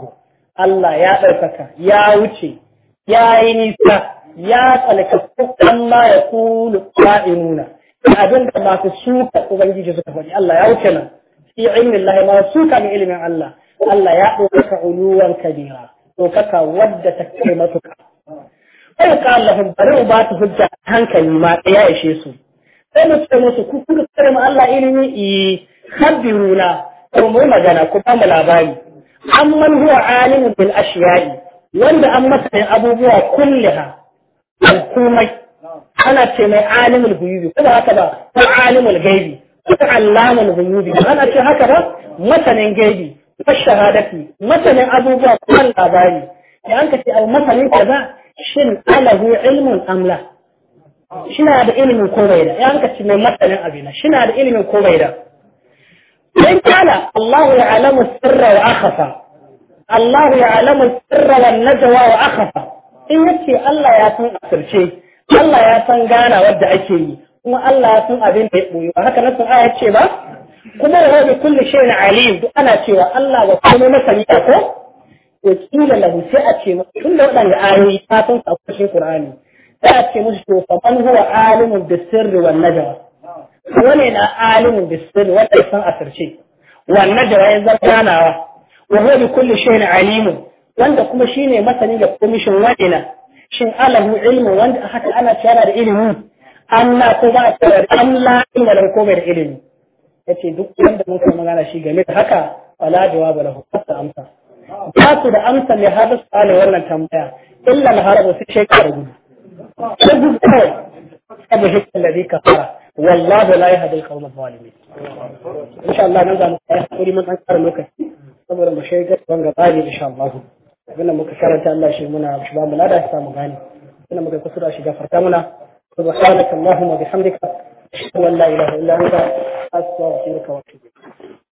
Allah ya ɗaukaka ya wuce ya yi nisa ya tsalkaku amma ya kulu qa'inuna da abin da masu suka ubangiji suka faɗi Allah ya wuce nan fi ilmin Allah ma suka min ilmin Allah Allah ya ɗauka uluwan kabira ɗaukaka wadda ta kai matuka sai ka Allahun bari ba ta hujja hankali ma ya ishe su sai mu ce musu ku kuka kare mu Allah ilimi i khabiruna ko mu magana ku ba mu labari amman huwa alimun bil ashiya'i wanda an masa abubuwa kulliha komai ana ce mai alimul guyubi ko ba haka ba ko alimul gaibi ko allamul guyubi ana ce haka ba masanin gaibi ko shahadati masanin abubuwa ko labari ya an kace al masanin kaza shin alahu ilmun amla shina da ilimin ko bai da ya an kace mai masanin abina shina da ilimin ko bai da dan kana Allah ya alamu sirra wa akhfa Allah ya alamu sirra wan najwa wa akhfa in yace Allah ya san asirce Allah ya san gana wadda ake yi kuma Allah ya san abin da ya boye ba haka nasu aya ce ba kuma wa bi kulli shay'in alim duk ana cewa Allah wa kuma masani ko to kila lahu sai a ce tun da waɗanda ayoyi ta san a cikin Qur'ani sai a ce musu to fa man huwa alimun bisirri wan najwa wani na alimun bisirri wanda ya san asirce wan najwa ya zama ganawa wa huwa bi kulli shay'in alimun wanda kuma shine masani da komishin wa'ina shin alamu ilmu wanda haka ana tsara da ilimi amma ko ba a tsara amla, ina da komai da ilimi yace duk wanda mun kai magana shi game da haka wala jawaba lahu hatta amsa ba su da amsa ne har su ala wannan tambaya illa al-harabu sai shekaru gudu sai gudu kawai sabu hikmar da zai fara والله لا يهدي القوم الظالمين ان شاء الله نزل حقوري من انكر لوكاس saboda mu shiga ban gaba insha Allah abinda muka karanta Allah shi muna shi ba mu lada shi samu gani abinda muka kusura shi gafarta muna subhanaka allahumma bihamdika ashhadu an la ilaha illa anta astaghfiruka wa atubu